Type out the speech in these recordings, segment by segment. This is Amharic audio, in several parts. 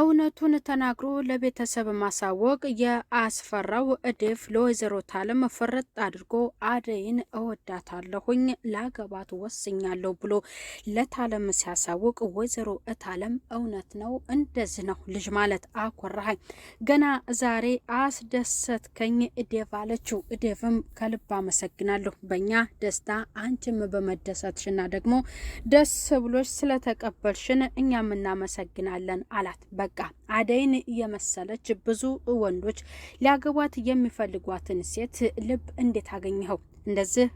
እውነቱን ተናግሮ ለቤተሰብ ማሳወቅ የአስፈራው እድፍ ለወይዘሮ ታለም ፍርጥ አድርጎ አደይን እወዳታለሁኝ ላገባት ወስኛለሁ ብሎ ለታለም ሲያሳውቅ ወይዘሮ እታለም እውነት ነው፣ እንደዚህ ነው ልጅ ማለት አኮራሃኝ፣ ገና ዛሬ አስደሰትከኝ እድፍ አለችው። እድፍም ከልብ አመሰግናለሁ፣ በእኛ ደስታ አንቺም በመደሰትሽና ደግሞ ደስ ብሎች ስለተቀበልሽን እኛም እናመሰግናለን አላት። በቃ አደይን የመሰለች ብዙ ወንዶች ሊያገቧት የሚፈልጓትን ሴት ልብ እንዴት አገኘኸው? እንደዚህ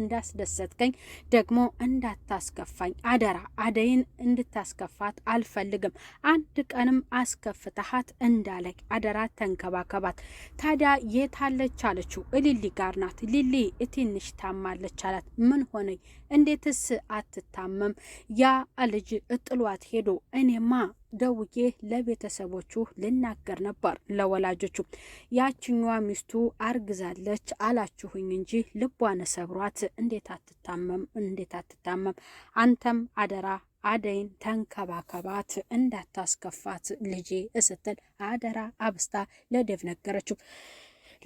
እንዳስደሰትከኝ ደግሞ እንዳታስከፋኝ አደራ። አደይን እንድታስከፋት አልፈልግም። አንድ ቀንም አስከፍተሃት እንዳለኝ አደራ፣ ተንከባከባት። ታዲያ የታለች አለችው። እሊሊ ጋር ናት። ሊሊ ትንሽ ታማለች አላት። ምን ሆነኝ? እንዴትስ አትታመም? ያ ልጅ ጥሏት ሄዶ እኔማ ደውዬ ለቤተሰቦቹ ልናገር ነበር ለወላጆቹ። ያችኛዋ ሚስቱ አርግዛለች አላችሁኝ እንጂ ልቧን ሰብሯት እንዴት አትታመም? እንዴት አትታመም? አንተም አደራ አደይን ተንከባከባት እንዳታስከፋት ልጄ ስትል አደራ አብስታ ለደብ ነገረችው።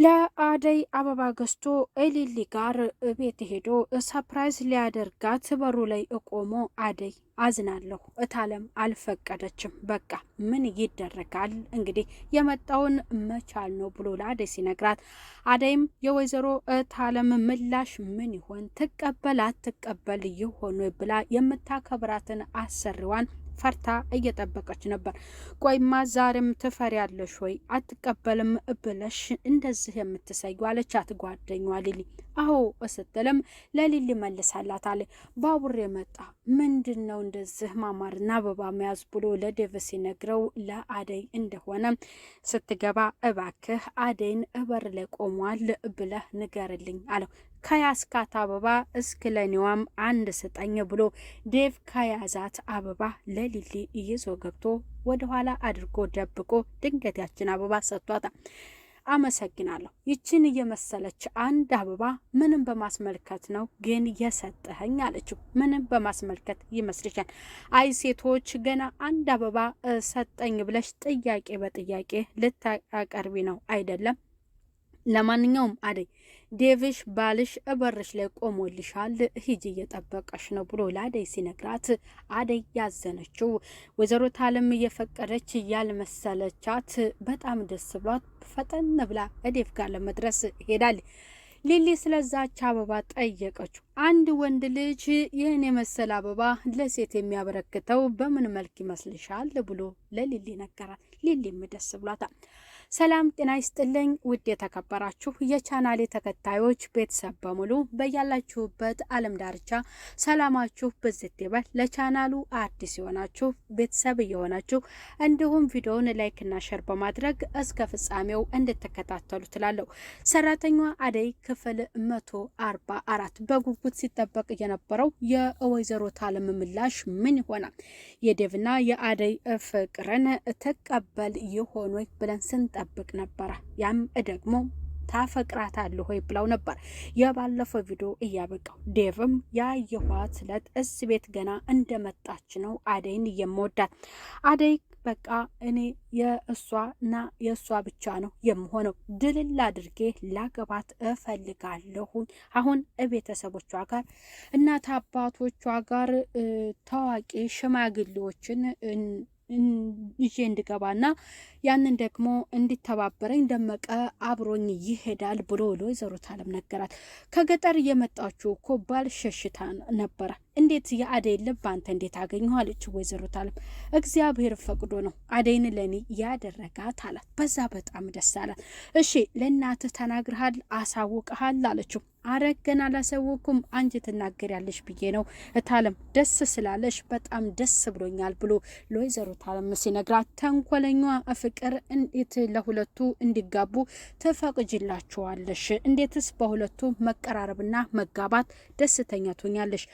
ለአደይ አበባ ገዝቶ ኤሊሊ ጋር ቤት ሄዶ ሰፕራይዝ ሊያደርጋት በሩ ላይ ቆሞ አደይ አዝናለሁ እታለም አልፈቀደችም። በቃ ምን ይደረጋል እንግዲህ የመጣውን መቻል ነው ብሎ ለአደይ ሲነግራት፣ አደይም የወይዘሮ እታለም ምላሽ ምን ይሆን ትቀበል አትቀበል ይሆን ብላ የምታከብራትን አሰሪዋን ፈርታ እየጠበቀች ነበር። ቆይማ ዛሬም ያለሽ ወይ አትቀበልም ብለሽ እንደዚህ የምትሰዩ አለቻት ጓደኛዋ ሊሊ። አሁ ስትልም ለሊሊ መልሳላት አለ ባቡር የመጣ ምንድን ነው እንደዚህ ማማርና አበባ መያዝ ብሎ ለዴቭ ሲነግረው ለአደይ እንደሆነ ስትገባ እባክህ አደይን እበር ላይ ቆሟል ብለህ ንገርልኝ አለው። ከያስካት አበባ እስክለኔዋም አንድ ስጠኝ ብሎ ዴቭ ከያዛት አበባ ለሊሊ ይዞ ገብቶ ወደኋላ አድርጎ ደብቆ ድንገት ያችን አበባ ሰጥቷታል። አመሰግናለሁ። ይችን እየመሰለች አንድ አበባ ምንም በማስመልከት ነው ግን የሰጠኸኝ አለችው። ምንም በማስመልከት ይመስልሻል? አይ ሴቶች ገና አንድ አበባ ሰጠኝ ብለሽ ጥያቄ በጥያቄ ልታቀርቢ ነው አይደለም ለማንኛውም አደይ ዴቪሽ ባልሽ እበርሽ ላይ ቆሞልሻል፣ ሂጂ እየጠበቀሽ ነው ብሎ ለአደይ ሲነግራት አደይ ያዘነችው ወይዘሮ ታለም እየፈቀደች ያልመሰለቻት በጣም ደስ ብሏት ፈጠን ብላ እዴፍ ጋር ለመድረስ ሄዳል። ሊሊ ስለዛች አበባ ጠየቀችው። አንድ ወንድ ልጅ ይህን የመሰለ አበባ ለሴት የሚያበረክተው በምን መልክ ይመስልሻል ብሎ ለሊሊ ነገራት። ሊሊም ደስ ብሏታል። ሰላም ጤና ይስጥልኝ ውድ የተከበራችሁ የቻናሌ ተከታዮች ቤተሰብ በሙሉ በያላችሁበት ዓለም ዳርቻ ሰላማችሁ ብዝት ይበል። ለቻናሉ አዲስ የሆናችሁ ቤተሰብ እየሆናችሁ እንዲሁም ቪዲዮውን ላይክና ሸር በማድረግ እስከ ፍጻሜው እንድትከታተሉ ትላለሁ። ሰራተኛ አደይ ክፍል መቶ አርባ አራት በጉጉት ሲጠበቅ የነበረው የወይዘሮ ታለም ምላሽ ምን ይሆናል? የዴቭና የአደይ ፍቅርን ተቀበል ይሆን ብለን ስንጠ ስጠብቅ ነበረ። ያም ደግሞ ታፈቅራታለህ ወይ ብለው ነበር የባለፈው ቪዲዮ እያበቃው። ዴቭም ያየኋት ዕለት እስ ቤት ገና እንደመጣች ነው አደይን የምወዳት አደይ በቃ እኔ የእሷና የእሷ ብቻ ነው የምሆነው። ድልል አድርጌ ላገባት እፈልጋለሁኝ። አሁን ቤተሰቦቿ ጋር እናት አባቶቿ ጋር ታዋቂ ሽማግሌዎችን ይዤ እንድገባና ያንን ደግሞ እንዲተባበረኝ ደመቀ አብሮኝ ይሄዳል ብሎ ወይዘሮ አለም ነገራት። ከገጠር የመጣችው እኮ ባል ሸሽታ ነበረ እንዴት የአደይ ልብ አንተ እንዴት አገኘሁ አለች ወይዘሮ ታለም። እግዚአብሔር ፈቅዶ ነው አደይን ለእኔ ያደረጋት አላት። በዛ በጣም ደስ አላት። እሺ ለእናትህ ተናግርሃል አሳውቀሃል አለችው። አረገን አላሳወኩም አንቺ ትናገሪያለሽ ብዬ ነው ታለም፣ ደስ ስላለሽ በጣም ደስ ብሎኛል ብሎ ለወይዘሮ ታለም ሲነግራት ተንኮለኛ ፍቅር እንዴት ለሁለቱ እንዲጋቡ ትፈቅጅላችኋለሽ? እንዴትስ በሁለቱ መቀራረብና መጋባት ደስተኛ ትሆኛለሽ?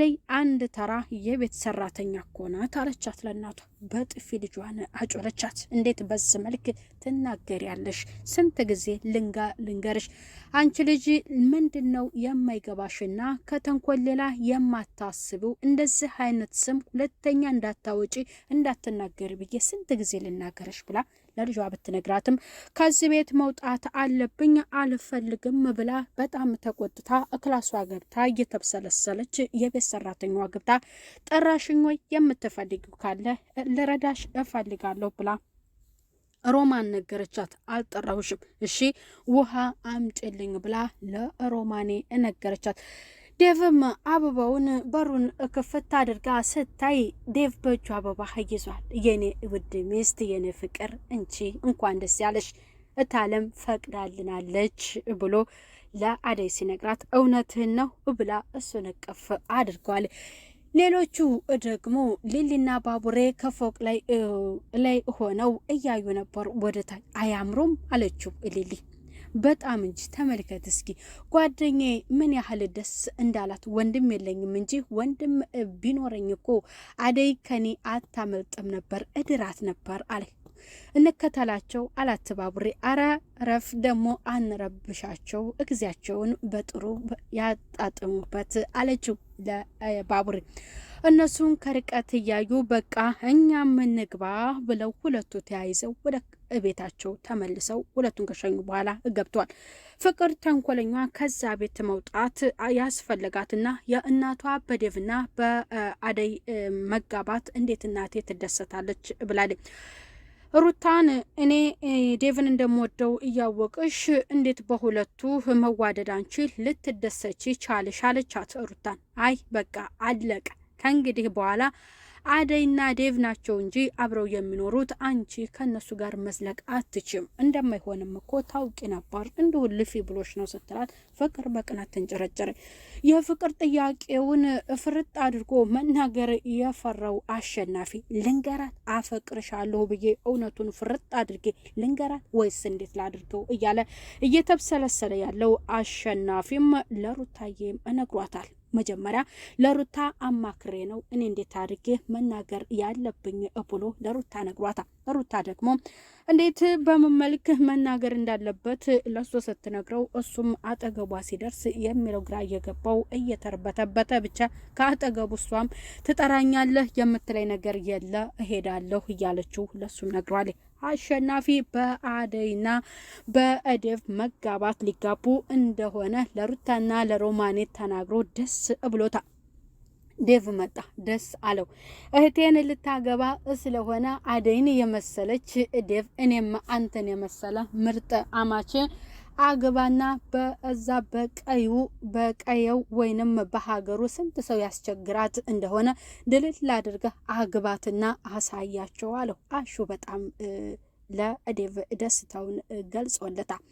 አደይ አንድ ተራ የቤት ሰራተኛ እኮ ናት አለቻት ለእናቷ። በጥፊ ልጇን አጮለቻት። እንዴት በዚህ መልክ ትናገሪያለሽ? ስንት ጊዜ ልንገርሽ አንቺ ልጅ ምንድን ነው የማይገባሽና ከተንኮል ሌላ የማታስቢው? እንደዚህ አይነት ስም ሁለተኛ እንዳታወጪ እንዳትናገሪ ብዬ ስንት ጊዜ ልናገረሽ ብላ ለልጇ ብትነግራትም ከዚህ ቤት መውጣት አለብኝ አልፈልግም ብላ በጣም ተቆጥታ እክላሷ ገብታ እየተብሰለሰለች የቤት ሰራተኛዋ ገብታ ጠራሽኝ ወይ የምትፈልጊው ካለ ልረዳሽ እፈልጋለሁ ብላ ሮማን ነገረቻት። አልጠራሁሽም እሺ ውሃ አምጭልኝ ብላ ለሮማኔ ነገረቻት። ዴቭም አበባውን በሩን ክፍት አድርጋ ስታይ ዴቭ በእጁ አበባ ይዟል። የኔ ውድ ሚስት፣ የኔ ፍቅር፣ እንቺ እንኳን ደስ ያለሽ እታለም ፈቅዳልናለች ብሎ ለአደይ ሲነግራት እውነትህን ነው ብላ እሱን እቅፍ አድርገዋል። ሌሎቹ ደግሞ ሊሊና ባቡሬ ከፎቅ ላይ ላይ ሆነው እያዩ ነበር። ወደታች አያምሩም አለችው ሊሊ። በጣም እንጂ ተመልከት እስኪ ጓደኛዬ ምን ያህል ደስ እንዳላት። ወንድም የለኝም እንጂ ወንድም ቢኖረኝ እኮ አደይ ከኔ አታመልጥም ነበር፣ እድራት ነበር አለ እንከተላቸው አላትባቡሬ። አረ ረፍ ደግሞ አንረብሻቸው፣ እግዚያቸውን በጥሩ ያጣጥሙበት አለችው ለባቡሬ። እነሱን ከርቀት እያዩ በቃ እኛም እንግባ ብለው ሁለቱ ተያይዘው ወደ ቤታቸው ተመልሰው ሁለቱን ከሸኙ በኋላ ገብተዋል። ፍቅር ተንኮለኛ ከዛ ቤት መውጣት ያስፈለጋትና የእናቷ በዴቭና በአደይ መጋባት እንዴት እናቴ ትደሰታለች ብላለች። ሩታን እኔ ዴቭን እንደምወደው እያወቅሽ እንዴት በሁለቱ መዋደድ አንቺ ልትደሰች ቻልሽ? አለቻት ሩታን። አይ በቃ አለቀ፣ ከእንግዲህ በኋላ አደይና ዴቭ ናቸው እንጂ አብረው የሚኖሩት አንቺ ከነሱ ጋር መዝለቅ አትችም፣ እንደማይሆንም እኮ ታውቂ ነበር፣ እንዲሁ ልፊ ብሎች ነው ስትላት ፍቅር በቅናት ተንጨረጨረ። የፍቅር ጥያቄውን ፍርጥ አድርጎ መናገር የፈራው አሸናፊ ልንገራት አፈቅርሻለሁ ብዬ እውነቱን ፍርጥ አድርጌ ልንገራት ወይስ እንዴት ላድርገው እያለ እየተብሰለሰለ ያለው አሸናፊም ለሩታዬም እነግሯታል። መጀመሪያ ለሩታ አማክሬ ነው እኔ እንዴት አድርጌ መናገር ያለብኝ ብሎ ለሩታ ነግሯታ። ሩታ ደግሞ እንዴት በመመልክ መናገር እንዳለበት ለሱ ስትነግረው እሱም አጠገቧ ሲደርስ የሚለው ግራ እየገባው እየተርበተበተ ብቻ ከአጠገቡ እሷም ትጠራኛለህ የምትለይ ነገር የለ እሄዳለሁ እያለችው ለሱም ነግሯል። አሸናፊ በአደይና በእድፍ መጋባት ሊጋቡ እንደሆነ ለሩታና ለሮማኔ ተናግሮ ደስ ብሎታል። ዴቭ መጣ፣ ደስ አለው። እህቴን ልታገባ ስለሆነ አደይን የመሰለች ዴቭ እኔም አንተን የመሰለ ምርጥ አማች አግባና በዛ በቀዩ በቀየው ወይንም በሀገሩ ስንት ሰው ያስቸግራት እንደሆነ ድልል አድርገህ አግባትና አሳያቸው አለው። አሹ በጣም ለዴቭ ደስታውን ገልጾለታል።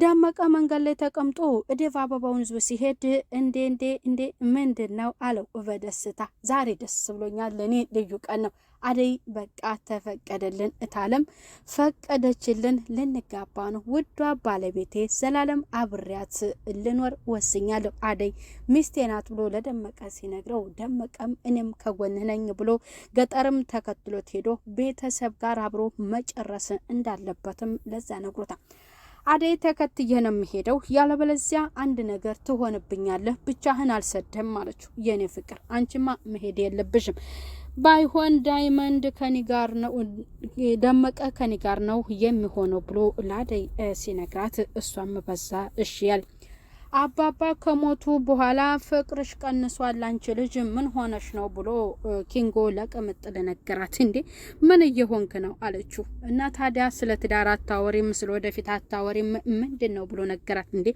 ዳመቀ መንገድ ላይ ተቀምጦ እደፍ አበባውን ዞ ሲሄድ እንዴ እንዴ እንዴ ምንድን ነው አለው በደስታ። ዛሬ ደስ ብሎኛል፣ ለእኔ ልዩ ቀን ነው። አደይ በቃ ተፈቀደልን፣ እታለም ፈቀደችልን፣ ልንጋባ ነው። ውዷ ባለቤቴ ዘላለም አብሬያት ልኖር ወስኛለሁ፣ አደይ ሚስቴ ናት ብሎ ለደመቀ ሲነግረው ደመቀም እኔም ከጎንህ ነኝ ብሎ ገጠርም ተከትሎት ሄዶ ቤተሰብ ጋር አብሮ መጨረስ እንዳለበትም ለዛ ነግሮታል። አደይ ተከትዬ ነው የሚሄደው፣ ያለበለዚያ አንድ ነገር ትሆንብኛለህ፣ ብቻህን አልሰደም አለችው። የኔ ፍቅር አንቺማ መሄድ የለብሽም ባይሆን ዳይመንድ ከኔ ጋር ነው ደመቀ ከኔ ጋር ነው የሚሆነው ብሎ ለአደይ ሲነግራት እሷም በዛ እሺ ያል አባባ ከሞቱ በኋላ ፍቅርሽ ቀንሷል፣ አንቺ ልጅ ምን ሆነሽ ነው ብሎ ኪንጎ ለቅምጥል ለነገራት፣ እንዴ ምን እየሆንክ ነው አለችው። እና ታዲያ ስለ ትዳር አታወሪም፣ ስለ ወደፊት አታወሪም ምንድን ነው ብሎ ነገራት። እንዴ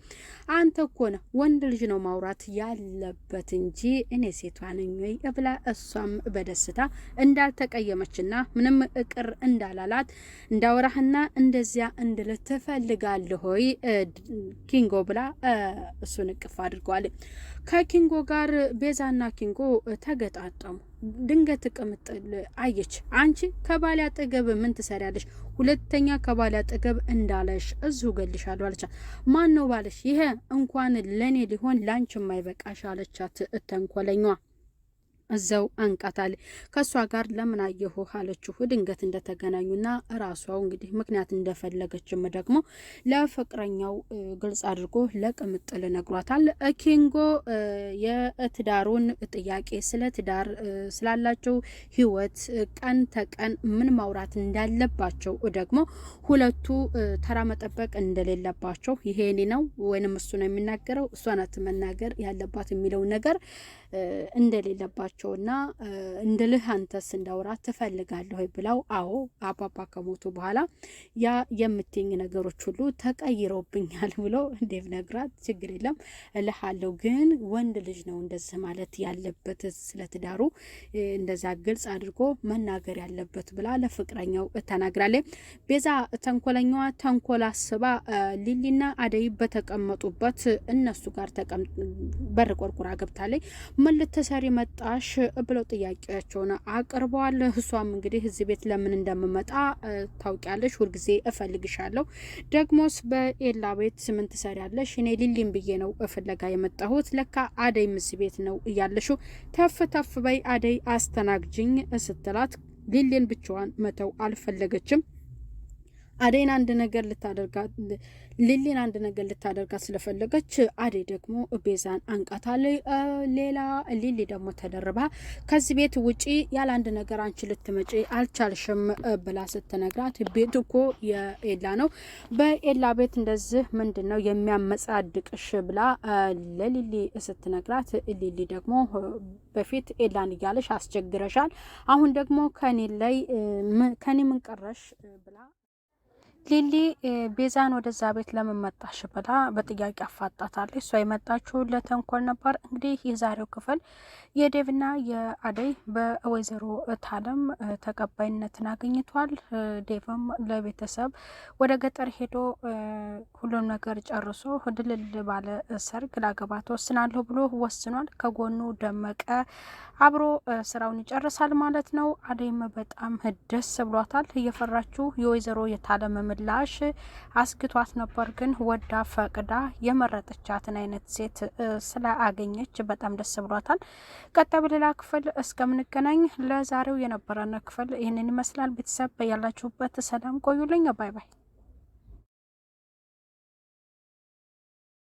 አንተ እኮ ወንድ ልጅ ነው ማውራት ያለበት እንጂ እኔ ሴቷ ነኝ ወይ ብላ እሷም በደስታ እንዳልተቀየመችና ምንም እቅር እንዳላላት እንዳወራህና እንደዚያ እንድልህ ትፈልጋለህ ኪንጎ ብላ እሱን እቅፍ አድርጓል። ከኪንጎ ጋር ቤዛና ኪንጎ ተገጣጠሙ። ድንገት ቅምጥል አየች። አንቺ ከባሌ አጠገብ ምን ትሰሪያለሽ? ሁለተኛ ከባል አጠገብ እንዳለሽ እዚሁ እገልሻለሁ አለቻት። ማን ነው ባለሽ? ይሄ እንኳን ለእኔ ሊሆን ለአንቺ የማይበቃሽ አለቻት ተንኮለኛዋ እዛው አንቃታል። ከእሷ ጋር ለምን አየሁ አለችሁ ድንገት እንደተገናኙና ራሷው እንግዲህ ምክንያት እንደፈለገችም ደግሞ ለፍቅረኛው ግልጽ አድርጎ ለቅምጥል ነግሯታል። ኪንጎ የትዳሩን ጥያቄ ስለ ትዳር ስላላቸው ህይወት ቀን ተቀን ምን ማውራት እንዳለባቸው ደግሞ ሁለቱ ተራ መጠበቅ እንደሌለባቸው ይሄኔ ነው ወይንም እሱ ነው የሚናገረው እሷ ናት መናገር ያለባት የሚለው ነገር እንደሌለባቸው እና እንድልህ አንተስ እንዳውራ ትፈልጋለሁ ብለው፣ አዎ አባባ ከሞቱ በኋላ ያ የምትኝ ነገሮች ሁሉ ተቀይረውብኛል ብሎ እንዴት ነግራት፣ ችግር የለም እልሃለሁ፣ ግን ወንድ ልጅ ነው እንደዚህ ማለት ያለበት ስለ ትዳሩ እንደዛ ግልጽ አድርጎ መናገር ያለበት ብላ ለፍቅረኛው ተናግራለች። ቤዛ ተንኮለኛዋ ተንኮል አስባ ሊሊና አደይ በተቀመጡበት እነሱ ጋር በር ቆርቁራ ገብታለች። ምን ልትሰሪ መጣሽ ብለው ጥያቄያቸውን አቅርበዋል። እሷም እንግዲህ እዚህ ቤት ለምን እንደምመጣ ታውቂያለሽ፣ ሁልጊዜ እፈልግሻለሁ። ደግሞስ በኤላ ቤት ምን ትሰሪያለሽ? እኔ ሊሊም ብዬ ነው ፍለጋ የመጣሁት። ለካ አደይም እዚህ ቤት ነው እያለሹ ተፍ ተፍ በይ አደይ አስተናግጅኝ ስትላት ሊሊን ብቻዋን መተው አልፈለገችም። አደይን አንድ ነገር ልታደርጋት ሊሊን አንድ ነገር ልታደርጋት ስለፈለገች አዴ ደግሞ ቤዛን አንቃታለች። ሌላ ሊሊ ደግሞ ተደርባ ከዚህ ቤት ውጪ ያለ አንድ ነገር አንቺ ልትመጪ አልቻልሽም ብላ ስትነግራት ቤት እኮ የኤላ ነው፣ በኤላ ቤት እንደዚህ ምንድን ነው የሚያመጻድቅሽ ብላ ለሊሊ ስትነግራት ሊሊ ደግሞ በፊት ኤላን እያለሽ አስቸግረሻል፣ አሁን ደግሞ ከኔ ላይ ከኔ ምን ቀረሽ ብላ ሊሊ ቤዛን ወደዛ ቤት ለምን መጣሽ ብላ በጥያቄ አፋጣታለች። እሷ የመጣችው ለተንኮል ነበር። እንግዲህ የዛሬው ክፍል የዴቭና የአደይ በወይዘሮ እታለም ተቀባይነትን አግኝቷል። ዴቭም ለቤተሰብ ወደ ገጠር ሄዶ ሁሉም ነገር ጨርሶ ድልል ባለ ሰርግ ላገባ ተወስናለሁ ብሎ ወስኗል። ከጎኑ ደመቀ አብሮ ስራውን ይጨርሳል ማለት ነው። አደይም በጣም ደስ ብሏታል። እየፈራችው የወይዘሮ የታለም ምላሽ አስግቷት ነበር። ግን ወዳ ፈቅዳ የመረጠቻትን አይነት ሴት ስለአገኘች በጣም ደስ ብሏታል። ቀጣይ በሌላ ክፍል እስከምንገናኝ ለዛሬው የነበረን ክፍል ይህንን ይመስላል። ቤተሰብ ያላችሁበት ሰላም ቆዩልኝ። ባይ ባይ።